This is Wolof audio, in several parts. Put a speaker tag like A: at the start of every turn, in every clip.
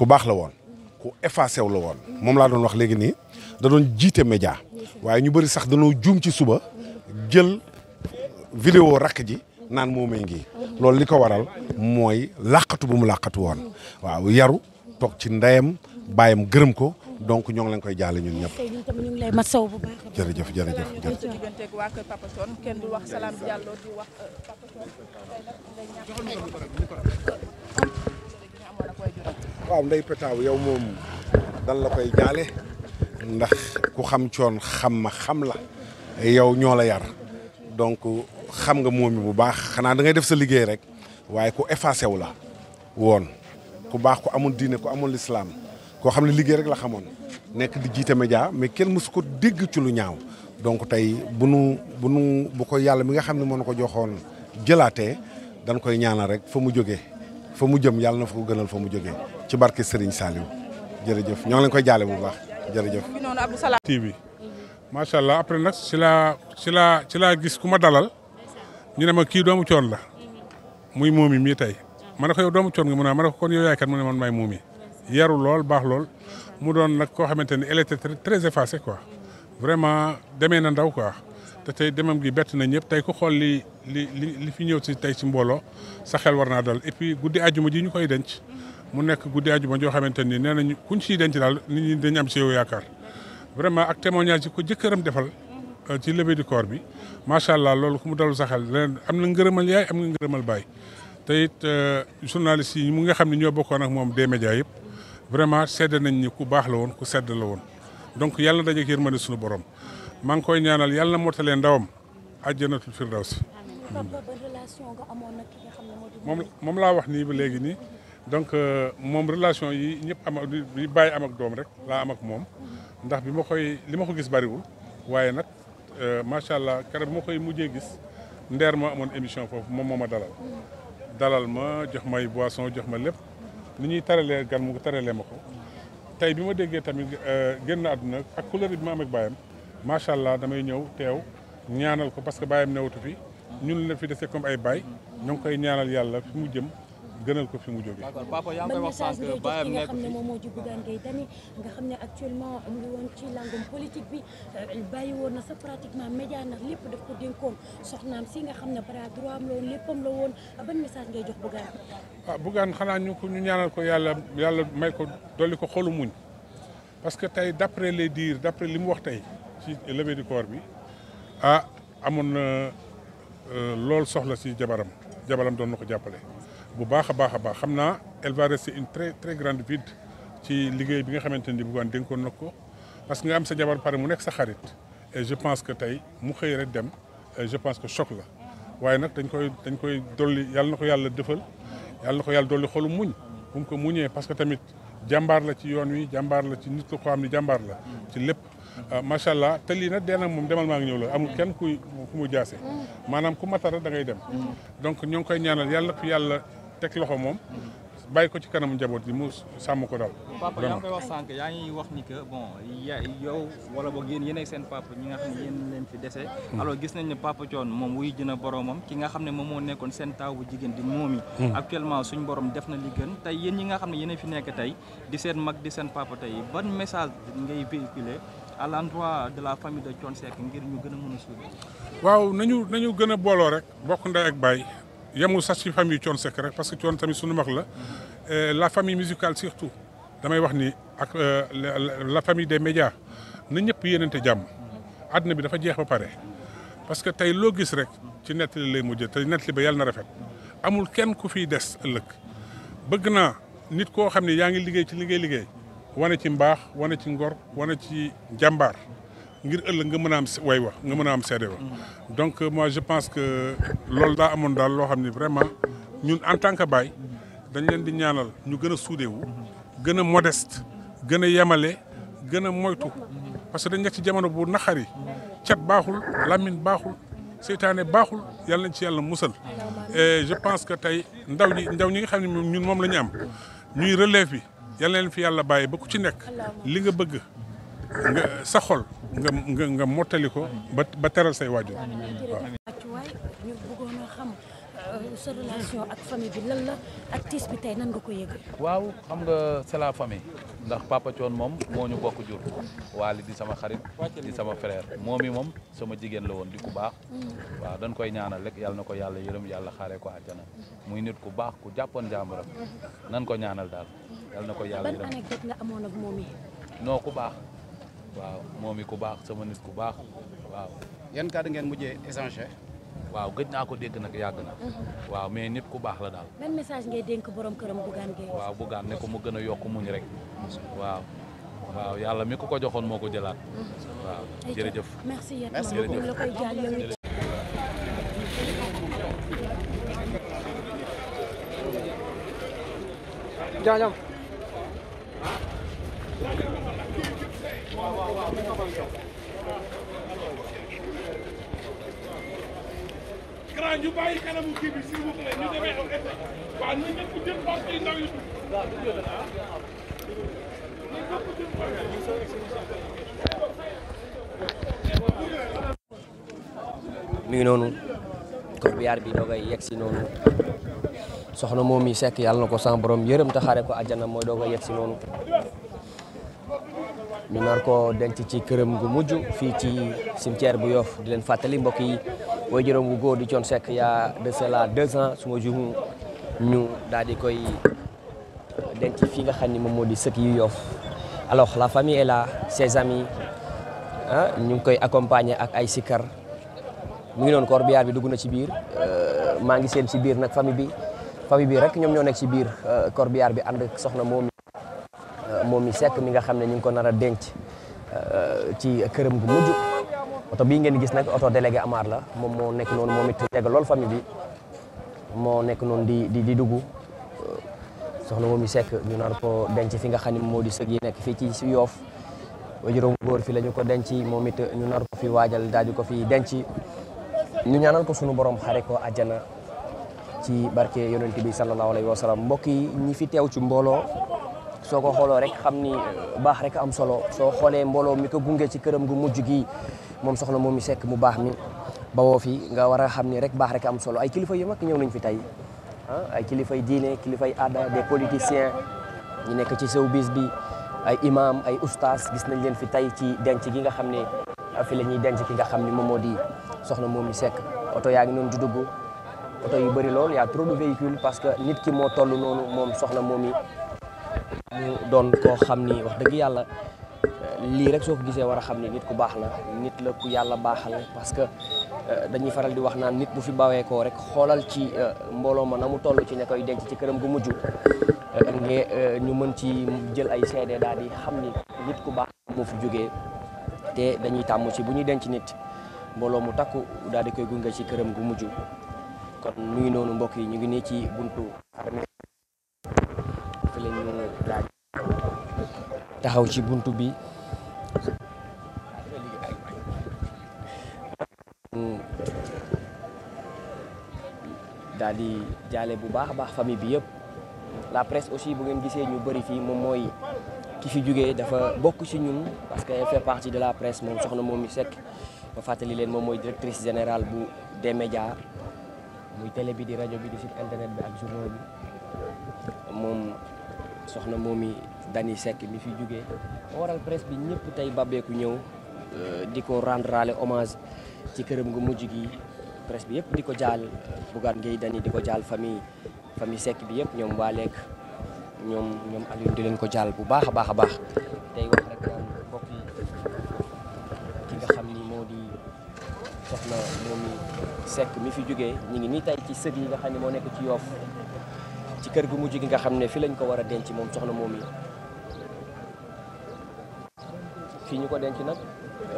A: ku baax la woon ku effacé wu la woon moom laa doon wax léegi nii da jiite média waaye ñu bëri sax dañoo juum ci suba jël vidéo rakk ji naan moo may ngi loolu li ko waral mooy làqatu bu mu làqatu woon waaw yaru toog ci ndeyam bàyyam gërëm ko donc ñoo ngi leen koy jaale ñun ñëpp. tey waaw nday pétaaw yow moom dan la koy jaale ndax ku xam coon xam ma xam la yow ñoo la yar donc xam nga moom mi bu baax xanaa da ngay def sa liggéey rek waaye ku effacé wu la woon ku baax ku amul diine ku amul lislaam koo xam ne liggéey rek la xamoon nekk di jiite média mais kenn mësu ko dégg ci lu ñaaw donc tey bu nu bu nu bu ko yàlla mi nga xam ne moo ko joxoon jëlaatee dan koy ñaanal rek fa mu jógee fa mu jëm yàlla na fa ko gënal fa mu jógee ci barke Serigne Saliou jërëjëf ñoo ngi leen koy jaale bu baax jërëjëf. TV macha allah après nag ci laa laa ci laa gis ku ma dalal ñu ne ma kii doomu coon la muy moom yi mii tey ma ne ko yow doomu coon nga mu ne ma ne ko kon yow yaay kan mu ne man maay moom yi yaru lool baax lool mu doon nag koo xamante ni elle était très effacée quoi vraiment demee na ndaw ko te tey demam gi bett na ñëpp tey ku xool li li li fi ñëw ci tey si mbooloo sa xel war naa dal et puis guddi àjjuma ji ñu koy denc. mu nekk guddi ajuma joo xamante ni nee nañu kuñ siy denc daal nit ñi de am si yow yaakaar vraiment ak témoignage yi ko jëkkëram defal euh, ci levée du corps bi macha allah loolu ku mu dalul sa xel leneen am na ngërëmal yaay am na ngërëmal baay te it euh, journaliste yi mu nga xam ne ñoo bokkoon ak moom des médias yëpp vraiment sedd nañ ni ku baax la woon ku sedd la woon donc yàlla na ma yërmande suñu borom maa ngi koy ñaanal yàlla na motalee ndawam àjjanatul firdaws moom moom laa wax nii léegi nii. donc euh, moom relation yi ñëpp am ak bàyyi am doom rek laa am ak moom ndax bi ma koy li ma ko gis bariwul waaye nag euh, macha allah keroog bi ma koy mujjee gis ndeer ma amoon émission foofu moom moo ma dalal dalal ma jox may boison jox ma lépp ni ñuy taralee gan mu taralee ma ko tey bi ma déggee tamit euh, génn adduna ak couleur bi ma am ak bàyyam macha allah damay ñëw teew ñaanal ko parce que bàyyam newatu fi ñun la fi dese comme ay baay ñoo ngi koy ñaanal yàlla fi mu jëm gënal ko fi mu jógee. d'accord papa yaa ngi koy nga xam ne moom
B: moo ji Bougane Gueye Dany nga xam ne actuellement mu ngi woon ci langum politique bi euh, bàyyi woon na sa pratiquement média nag lépp daf ko dénkoon soxnaam si nga xam ne bras droit am la woon léppam la woon ah, ban message ngay jox Bougane.
A: ah Bougane xanaa ñu ko ñu ñaanal ko yàlla yàlla may ko dolli ko xolu muñ parce que tey d'après les diir d'après li mu wax tey ci levée du corps bi ah amoon na euh, loolu soxla si jabaram jabaram doon na ko jàppale. bu baax a baax a baax xam naa elle va rester une très très grande vide ci liggéey bi nga xamante ni Bougane dénkoon na ko parce que nga am sa jabar pare mu nekk sa xarit et je pense que tey mu xëy rek dem je pense que choc la waaye nag dañ koy dañ koy dolli yàlla na ko yàlla defal yàlla ko yàlla dolli xolu muñ bu mu ko muñee parce que tamit jàmbaar la ci yoon wi jàmbaar la ci nit ko am ni jàmbaar la ci lépp euh, macha allah te lii nag dee nag moom demal maa ngi ñëw la am kenn kuy ku mu mm. maanaam ku matara da dem mm. donc ñoo ngi koy ñaanal yàlla yàlla teg loxo moom bàyyi ko ci kanam njaboot yi mu sàmm ko daal. papa yaa ngi
B: koy wax sànq yaa ngi wax ni boog yéen seen papa ñi nga xam ne yéen fi dese. Hmm. alors gis nañ ne papa Thion moom wuy jën a boromam ki nga xam ne moom moo nekkoon seen taaw bu jigéen di moom yi. Hmm. actuellement suñu borom def na li gën tey yéen ñi nga xam ne yéen fi nekk tey di seen mag di seen papa tey ban message ngay véhiculer à l' endroit de la famille de Thione Seck ngir ñu gën a mën a
A: suivre. waaw rek bokk ndey ak yemul sas ci famille Thione Seck rek parce que Thione tamit sunu mag la euh, la famille musicale surtout damay wax ni ak euh, la famille des médias na ñëpp yéenante jàmm àdduna bi dafa jeex ba pare parce que tey loo gis rek ci nettali lay tey nettali ba yàlla na rafet amul kenn ku fiy des ëllëg bëgg naa nit koo xam ne yaa ngi liggéey ci liggéey liggéey wane ci mbaax wane ci ngor wane ci jàmbaar ngir ëllëg nga mën a am way wa nga mën a am seede wax donc euh, moi je pense que loolu daa amoon daal loo xam ne vraiment ñun en tant que baay dañ leen di ñaanal ñu gën a suudewu gën a modeste gën a yemale gën a moytu parce que dañ nekk ci jamono bu naqari cat baaxul lamine baaxul seytaane baaxul yàlla nañ ci yàlla musal et je pense que tey ndaw ñi ndaw ñi nga xam ne ñun moom la ñu am ñuy relève bi yàlla fi yàlla bàyyi ba ku ci nekk li nga bëgg sa xol nga nga mottali ko ba ba teral say waajur
B: ñu bëggoon xam euh, sa relation ak famille bi lan la ak tiis bi tey nan nga ko yëg.
A: waaw xam nga c'est famille ndax papa Thione moom moo ñu bokk jur waali di sama xarit di sama frère moom i moom sama jigéen la woon di ku baax
B: mm. waaw
A: dañ koy ñaanal lekk yàlla na ko yàlla yërëm yàlla xaaree ko àjjana muy nit ku baax ku jàppoon jàmburam nan ko ñaanal daal yàlla na ko yàlla yërëm ban ku baax. waaw moom i ku baax sama nit ku baax waaw. yan kàddu ngeen mujjee échangé. waaw gëj naa ko dégg nag yàgg na. Mhm. waaw mais nit ku baax la daal.
B: ban message ngay dénk borom këram Bougane Gueye. waaw
A: Bougane ne ko mu gën a yokk muñ rek. waaw yàlla mi ko ko joxoon moo ko jëlaat. Mhm. waaw jërëjëf. merci mu
B: ngi noonu corbillard bi doogay yegg si noonu soxna moom yi sekk yàlla na ko sans borom yërëm taxaare ko àjjana mooy doogay yegg si noonu. ñu nar ko denc ci këram gu mujj fii ci cimetière bu Yoff di leen fàttali mbokk yi. way juróom bu góor di Thione Seck y a de cela deux ans su ma juum ñu daal di koy denc fii nga xam ni moom moo di sëkk yu alors la famille est là ses amis ah ñu ngi koy accompagner ak ay sikkar mu ngi noonu corbillard bi dugg na ci biir euh, maa ngi seen ci biir nag famille bi famille bi rek ñoom ñoo nekk ci biir euh, corbillard bi ànd soxna euh, moom mi Seck mi nga xam ne ñu ngi ko nar a denc ci këram gu mujj oto bii ngeen gis nag oto délégué amaar la moom moo nekk noonu moom it yàgg lool famille bi moo nekk noonu di di di dugg soxna moom yi sekk ñu nar ko denc fi nga xam ne moo di sëg yi nekk fii ci si yoof juróom góor fi ko denc moom it ñu nar fi waajal daaju ko fi denc ñu ñaanal ko sunu borom xare ko àjjana ci barke yonent bi sallallahu alayhi wa sallam mbokk yi ñi fi teew ci mbooloo soo ko xooloo rek xam ni baax rek am solo soo xoolee mbooloo mi ko gunge ci këram gu mujj gi moom soxna moom mi sekk mu baax mi bawoo fi nga war a xam ni rek baax rek am solo ay kilifa yu mag ñëw nañ fi tey ah, ay kilifa kilifay diine kilifay aada de politiciens ñu nekk ci sew showbiz bi ay imam ay ustaas gis nañ leen fi tey ci denc gi nga xam ne ah, fi la ñuy denc ki nga xam ni moom moo di soxna moom mi sekk oto yaa ngi noonu di dugg oto yu bëri lool yaa trop de véhicules parce que nit ki moo tollu noonu moom soxna moom mi doon koo xam ni wax dëgg yàlla lii rek soo ko gisee war a xam ne nit ku baax la nit la ku yàlla baaxal parce que euh, dañuy faral di wax naan nit bu fi bawee koo rek xoolal ci euh, mbooloo ma na mu toll ci ña koy denc ci këram gu mujj euh, nge ñu mën ci jël ay seede daal xam ni nit ku baax moo fi jógee te dañuy tàmm ci bu ñuy denc nit mbooloo mu takku daal di gunge ci këram gu mujj kon mu ngi noonu mbokk yi ñu ngi nii ci buntu armée fi la ñu taxaw ci bunt bi daal di jaale bu baax a baax famille bi yëpp la presse aussi bu ngeen gisee ñu bëri fii moom mooy ki fi jógee dafa bokk ci ñun parce que elle fait partie de la presse moom soxna moom mi sekk ma fàttali leen moom mooy directrice générale bu des médias muy tele bi di rajo bi di site internet bi ak journal bi moom soxna moom mi Dany Seck mi fi jógee moo waral presse bi ñëpp tey babbeeku ñëw euh, di ko rendraale hommage ci këram gu mujj gi presse bi yëpp di ko jaal Bougane Gueye Dany di ko jaal famille famille sekk bi yëpp ñoom waa lekk ñoom ñoom Alioune di leen ko jaal bu baax a baax a baax tey wax rek mbokk yi ki nga xam ni moo di soxna moomi Seck mi fi jógee ñu ngi nii tey ci sëg yi nga xam ne moo nekk ci yoof ci kër gu mujj gi nga xam ne fi lañ ko war a denc moom soxna moom yi fii ñu ko denc nag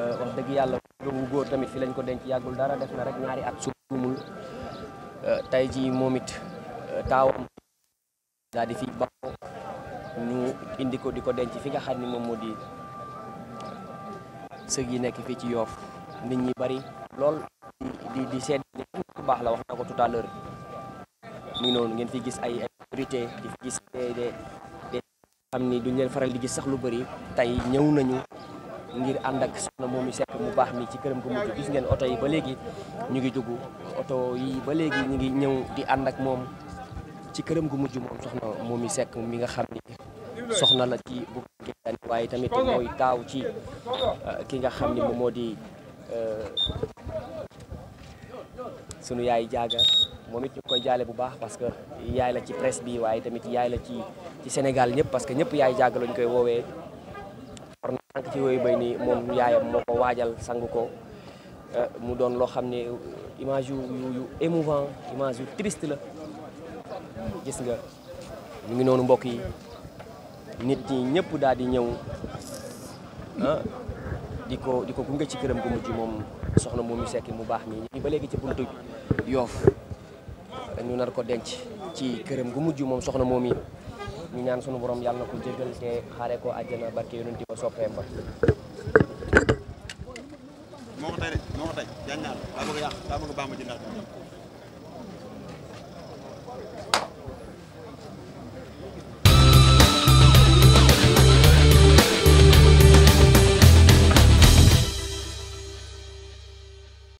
B: euh, wax dëgg yàlla bu góor tamit fi lañ ko denc yàggul dara def na rek ñaari ak sumul euh, tey jii moom it euh, taawam daal di fi ba ñu indi ko di ko denc fi nga xam ni moom moo di sëg yi nekk fii ci yoof nit ñi bari lool di di seet bu baax la wax na ko tout à l'heure mi noonu ngeen fi gis ay autorité di fi gis de de xam ni duñ leen faral di gis sax lu bëri tey ñëw nañu ngir ànd ak soxna moomu sekk mu baax mi ci këram gu mujj gis ngeen oto yi ba léegi ñu ngi dugg oto yi ba léegi ñu ngi ñëw di ànd ak moom ci këram gu mujj moom soxna moom moomu sekk mi nga xam ni soxna la ci bu waaye taaw ci euh, ki nga xam ni moom moo di euh, sunu yaay jaaga moom it ñu koy jaale bu baax parce que yaay la ci presse bi waaye tamit yaay la ci ci Sénégal ñëpp parce que ñëpp yaay jaaga lañu koy woowee. sànq ci woyu bay nii moom yaayam moo ko waajal sang ko euh, mu doon loo xam ne image yu yu émouvant image yu triste la gis nga ñu ngi noonu mbokk yi nit ñi ñëpp daal di ñëw ah di ko di ko gunge ci këram gu mujj moom soxna moom ñu sekki mu baax mi ñu léegi ci buntu Yoff ñu nar ko denc ci këram gu mujj moom soxna moom yi ñu ñaan sunu boroom yàlla na ko jégal te xaare ko àjjana barke yonent ba soppeem ba
A: moo ko tey de moo ko
B: yaa ngi naan daa bëgg a yàq
A: daa bëgg a baax ma jëndaat